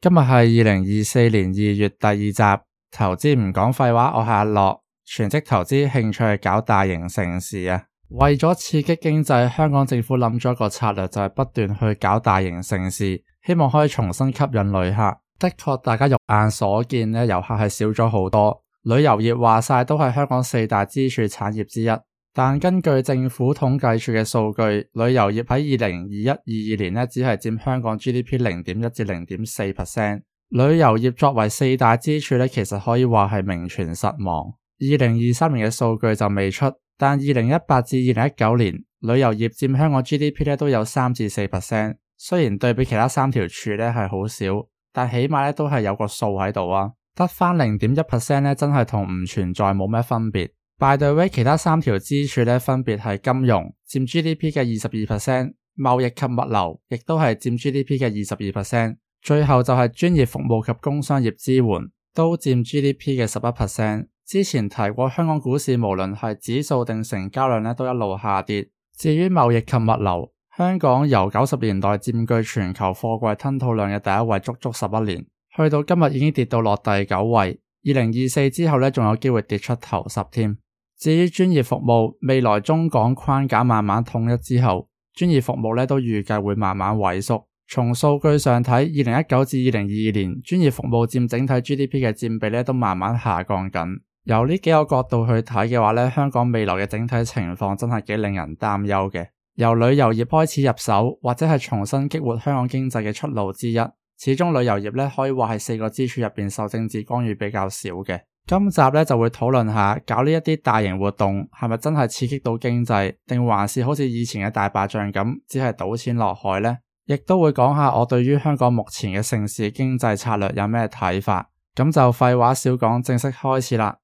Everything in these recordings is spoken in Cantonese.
今日係二零二四年二月第二集，投資唔講廢話，我係阿樂，全職投資，興趣係搞大型盛事啊！為咗刺激經濟，香港政府諗咗個策略，就係不斷去搞大型盛事，希望可以重新吸引旅客。的確，大家肉眼所見呢，遊客係少咗好多。旅遊業話晒都係香港四大支柱產業之一。但根據政府統計處嘅數據，旅遊業喺二零二一、二二年咧，只係佔香港 GDP 零點一至零點四 percent。旅遊業作為四大支柱咧，其實可以話係名存實亡。二零二三年嘅數據就未出，但二零一八至二零一九年，旅遊業佔香港 GDP 咧都有三至四 percent。雖然對比其他三條柱咧係好少，但起碼咧都係有個數喺度啊。得返零點一 percent 咧，真係同唔存在冇咩分別。By the way，其他三條支柱咧，分別係金融占 GDP 嘅二十二 percent，貿易及物流亦都係占 GDP 嘅二十二 percent，最後就係專業服務及工商業支援，都占 GDP 嘅十一 percent。之前提過，香港股市無論係指數定成交量咧，都一路下跌。至於貿易及物流，香港由九十年代占據全球貨櫃吞吐量嘅第一位，足足十一年，去到今日已經跌到落第九位。二零二四之後咧，仲有機會跌出頭十添。至於專業服務，未來中港框架慢慢統一之後，專業服務咧都預計會慢慢萎縮。從數據上睇，二零一九至二零二二年，專業服務佔整體 GDP 嘅佔比咧都慢慢下降緊。由呢幾個角度去睇嘅話咧，香港未來嘅整體情況真係幾令人擔憂嘅。由旅遊業開始入手，或者係重新激活香港經濟嘅出路之一，始終旅遊業咧可以話係四個支柱入邊受政治干預比較少嘅。今集呢就會討論下搞呢一啲大型活動係咪真係刺激到經濟，定還是好似以前嘅大白象咁只係倒錢落海呢？亦都會講下我對於香港目前嘅盛事經濟策略有咩睇法。咁就廢話少講，正式開始啦。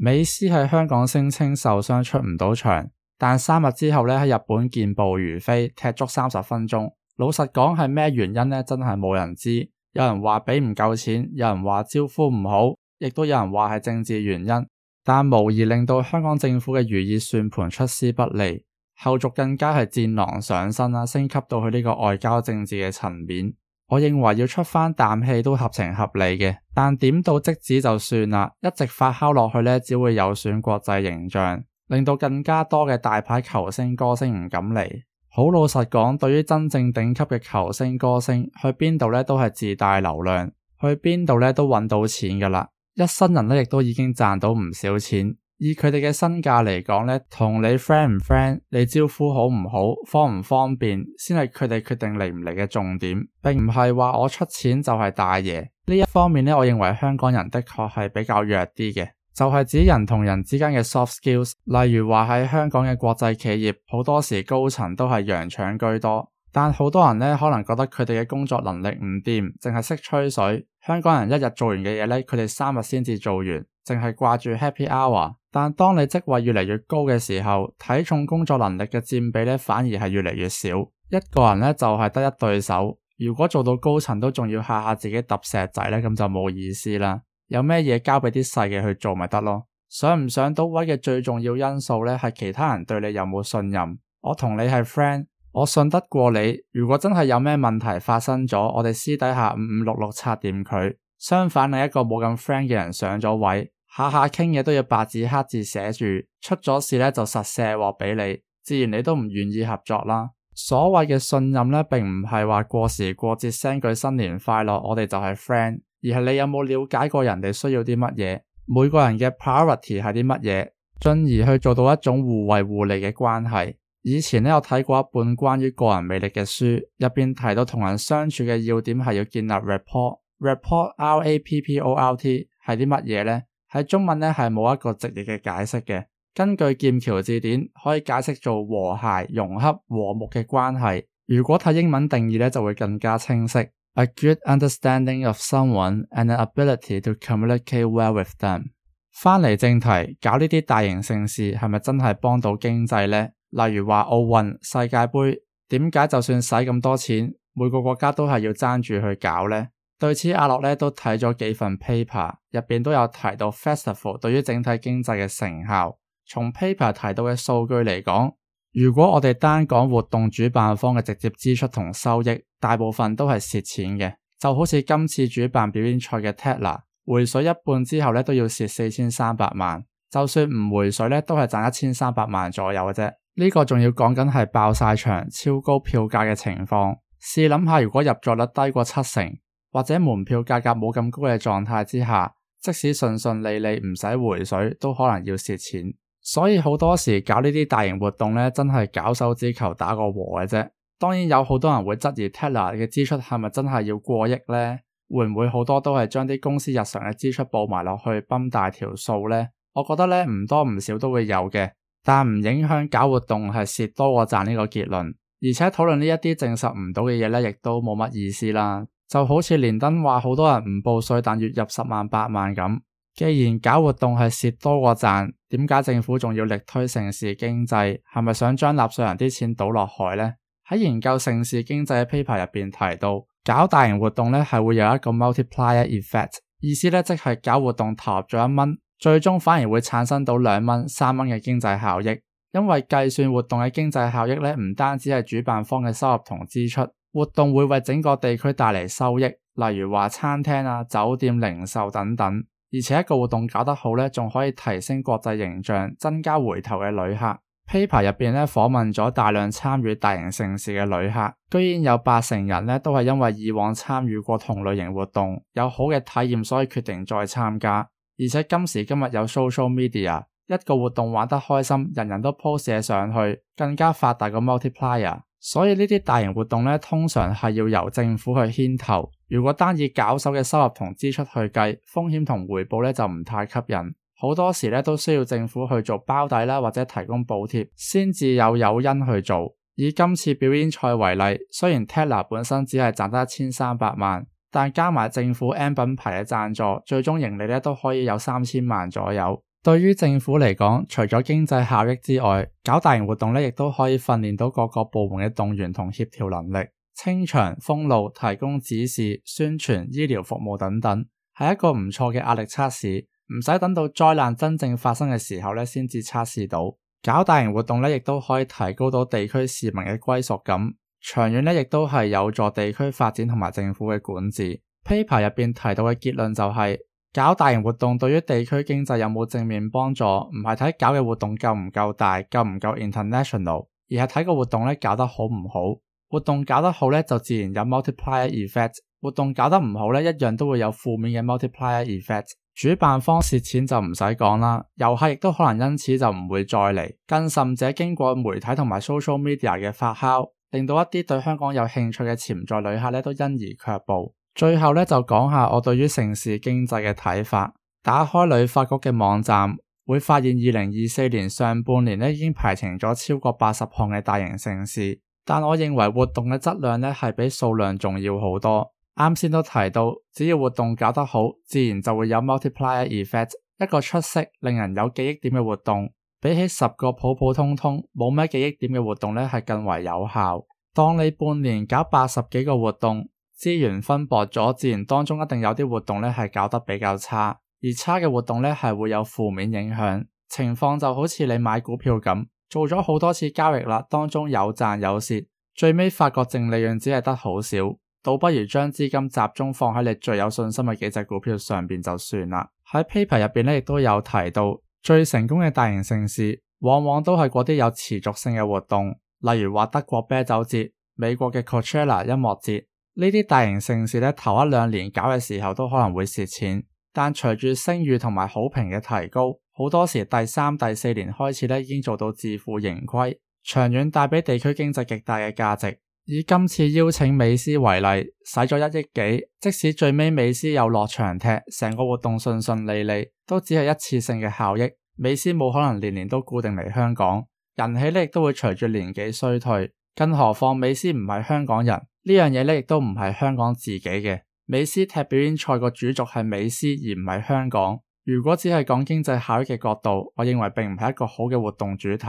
美斯喺香港聲稱受傷出唔到場，但三日之後呢，喺日本健步如飛，踢足三十分鐘。老實講係咩原因呢？真係無人知。有人話俾唔夠錢，有人話招呼唔好，亦都有人話係政治原因。但無疑令到香港政府嘅如意算盤出師不利，後續更加係戰狼上身啦，升級到去呢個外交政治嘅層面。我認為要出翻啖氣都合情合理嘅，但點到即止就算啦。一直發酵落去呢，只會有損國際形象，令到更加多嘅大牌球星、歌星唔敢嚟。好老實講，對於真正頂級嘅球星、歌星，去邊度呢都係自帶流量，去邊度呢都搵到錢㗎啦。一生人呢，亦都已經賺到唔少錢。以佢哋嘅身價嚟講咧，同你 friend 唔 friend，你招呼好唔好，方唔方便，先係佢哋決定嚟唔嚟嘅重點，並唔係話我出錢就係大爺。呢一方面咧，我認為香港人的確係比較弱啲嘅，就係指人同人之間嘅 soft skills，例如話喺香港嘅國際企業，好多時高層都係洋腸居多，但好多人咧可能覺得佢哋嘅工作能力唔掂，淨係識吹水。香港人一日做完嘅嘢，咧，佢哋三日先至做完。淨係掛住 happy hour，但當你職位越嚟越高嘅時候，體重工作能力嘅佔比咧反而係越嚟越少。一個人咧就係得一對手，如果做到高層都仲要下下自己揼石仔咧，咁就冇意思啦。有咩嘢交俾啲細嘅去做咪得咯。上唔上到位嘅最重要因素咧係其他人對你有冇信任。我同你係 friend，我信得過你。如果真係有咩問題發生咗，我哋私底下五五六六拆掂佢。相反，你一個冇咁 friend 嘅人上咗位。下下傾嘢都要白字黑字寫住，出咗事咧就實卸鑊俾你，自然你都唔願意合作啦。所謂嘅信任咧，並唔係話過時過節 send 句新年快樂，我哋就係 friend，而係你有冇了解過人哋需要啲乜嘢，每個人嘅 priority 係啲乜嘢，進而去做到一種互惠互利嘅關係。以前咧我睇過一本關於個人魅力嘅書，入邊提到同人相處嘅要點係要建立 rapport，rapport re r a p p o r t 係啲乜嘢咧？喺中文呢係冇一個直譯嘅解釋嘅，根據劍橋字典可以解釋做和諧、融合、和睦嘅關係。如果睇英文定義呢，就會更加清晰。A good understanding of someone and an ability to communicate well with them。翻嚟正題，搞呢啲大型盛事係咪真係幫到經濟呢？例如話奧運、世界盃，點解就算使咁多錢，每個國家都係要爭住去搞呢？對此阿樂咧都睇咗幾份 paper，入面都有提到 Festival 對於整體經濟嘅成效。從 paper 提到嘅數據嚟講，如果我哋單講活動主辦方嘅直接支出同收益，大部分都係蝕錢嘅。就好似今次主辦表演賽嘅 Tatler，回水一半之後都要蝕四千三百萬。就算唔回水都係賺一千三百萬左右嘅啫。呢、這個仲要講緊係爆晒場超高票價嘅情況。試諗下，如果入座率低過七成。或者門票價格冇咁高嘅狀態之下，即使順順利利唔使回水，都可能要蝕錢。所以好多時搞呢啲大型活動咧，真係搞手只求打個和嘅啫。當然有好多人會質疑 Tatler 嘅支出係咪真係要過億呢？會唔會好多都係將啲公司日常嘅支出報埋落去，泵大條數呢？我覺得咧唔多唔少都會有嘅，但唔影響搞活動係蝕多過賺呢個結論。而且討論呢一啲證實唔到嘅嘢咧，亦都冇乜意思啦。就好似連登話好多人唔報稅，但月入十萬八萬咁。既然搞活動係蝕多過賺，點解政府仲要力推盛事經濟？係咪想將納稅人啲錢倒落海呢？喺研究盛事經濟嘅 paper 入邊提到，搞大型活動咧係會有一個 multiplier effect，意思咧即係搞活動投入咗一蚊，最終反而會產生到兩蚊、三蚊嘅經濟效益，因為計算活動嘅經濟效益咧唔單止係主辦方嘅收入同支出。活動會為整個地區帶嚟收益，例如話餐廳啊、酒店、零售等等。而且一個活動搞得好呢，仲可以提升國際形象，增加回頭嘅旅客。paper 入邊呢，訪問咗大量參與大型城市嘅旅客，居然有八成人呢都係因為以往參與過同類型活動有好嘅體驗，所以決定再參加。而且今時今日有 social media，一個活動玩得開心，人人都 post 上去，更加發達個 multiplier。所以呢啲大型活動咧，通常係要由政府去牽頭。如果單以搞手嘅收入同支出去計，風險同回報咧就唔太吸引。好多時咧都需要政府去做包底啦，或者提供補貼，先至有誘因去做。以今次表演賽為例，雖然 Tatler 本身只係賺得一千三百萬，但加埋政府 M 品牌嘅贊助，最終盈利咧都可以有三千萬左右。對於政府嚟講，除咗經濟效益之外，搞大型活動咧，亦都可以訓練到各個部門嘅動員同協調能力，清場、封路、提供指示、宣傳、醫療服務等等，係一個唔錯嘅壓力測試，唔使等到災難真正發生嘅時候咧，先至測試到。搞大型活動咧，亦都可以提高到地區市民嘅歸屬感，長遠咧，亦都係有助地區發展同埋政府嘅管治。paper 入邊提到嘅結論就係。搞大型活動對於地區經濟有冇正面幫助，唔係睇搞嘅活動夠唔夠大、夠唔夠 international，而係睇個活動咧搞得好唔好。活動搞得好咧，就自然有 multiplier effect；活動搞得唔好咧，一樣都會有負面嘅 multiplier effect。主辦方蝕錢就唔使講啦，遊客亦都可能因此就唔會再嚟，更甚者，經過媒體同埋 social media 嘅發酵，令到一啲對香港有興趣嘅潛在旅客咧都因而卻步。最後咧就講下我對於盛事經濟嘅睇法。打開旅發局嘅網站，會發現二零二四年上半年咧已經排程咗超過八十項嘅大型盛事。但我認為活動嘅質量咧係比數量重要好多。啱先都提到，只要活動搞得好，自然就會有 multiplier effect。一個出色、令人有記憶點嘅活動，比起十個普普通通冇咩記憶點嘅活動咧係更為有效。當你半年搞八十幾個活動，資源分薄咗，自然當中一定有啲活動咧係搞得比較差，而差嘅活動咧係會有負面影響。情況就好似你買股票咁，做咗好多次交易啦，當中有賺有蝕，最尾發覺淨利潤只係得好少，倒不如將資金集中放喺你最有信心嘅幾隻股票上邊就算啦。喺 Paper 入邊咧，亦都有提到，最成功嘅大型盛事往往都係嗰啲有持續性嘅活動，例如話德國啤酒節、美國嘅 Coachella 音樂節。呢啲大型城市咧，頭一兩年搞嘅時候都可能會蝕錢，但隨住聲譽同埋好評嘅提高，好多時第三、第四年開始咧已經做到自負盈虧，長遠帶俾地區經濟極大嘅價值。以今次邀請美斯為例，使咗一億幾，即使最尾美斯有落場踢，成個活動順順利利，都只係一次性嘅效益。美斯冇可能年年都固定嚟香港，人氣咧亦都會隨住年紀衰退，更何況美斯唔係香港人。呢樣嘢咧，亦都唔係香港自己嘅。美斯踢表演賽個主軸係美斯，而唔係香港。如果只係講經濟效益嘅角度，我認為並唔係一個好嘅活動主題。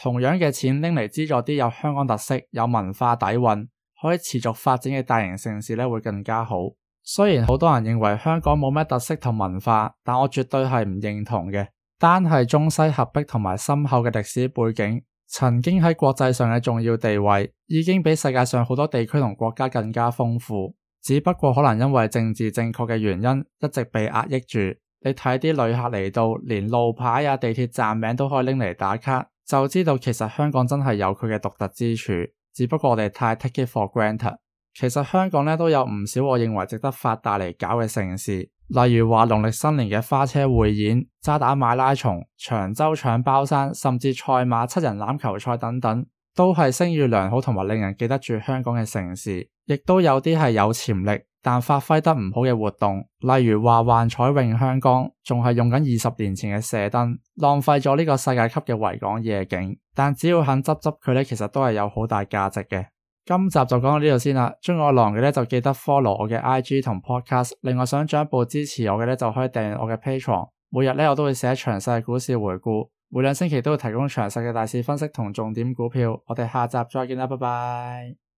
同樣嘅錢拎嚟資助啲有香港特色、有文化底蘊、可以持續發展嘅大型城市咧，會更加好。雖然好多人認為香港冇乜特色同文化，但我絕對係唔認同嘅。單係中西合璧同埋深厚嘅歷史背景。曾經喺國際上嘅重要地位，已經比世界上好多地區同國家更加豐富，只不過可能因為政治正確嘅原因，一直被壓抑住。你睇啲旅客嚟到，連路牌啊、地鐵站名都可以拎嚟打卡，就知道其實香港真係有佢嘅獨特之處。只不過我哋太 take it for granted，其實香港咧都有唔少我認為值得發達嚟搞嘅城市。例如話農曆新年嘅花車匯演、渣打馬拉松、長洲搶包山，甚至賽馬、七人欖球賽等等，都係聲譽良好同埋令人記得住香港嘅城市。亦都有啲係有潛力但發揮得唔好嘅活動，例如話幻彩詠香江，仲係用緊二十年前嘅射燈，浪費咗呢個世界級嘅維港夜景。但只要肯執執佢咧，其實都係有好大價值嘅。今集就講到呢度先啦。鍾意我狼嘅咧就記得 follow 我嘅 IG 同 podcast。另外想進一步支持我嘅咧就可以訂閱我嘅 Patreon。每日咧我都會寫詳細股市回顧，每兩星期都會提供詳細嘅大市分析同重點股票。我哋下集再見啦，拜拜。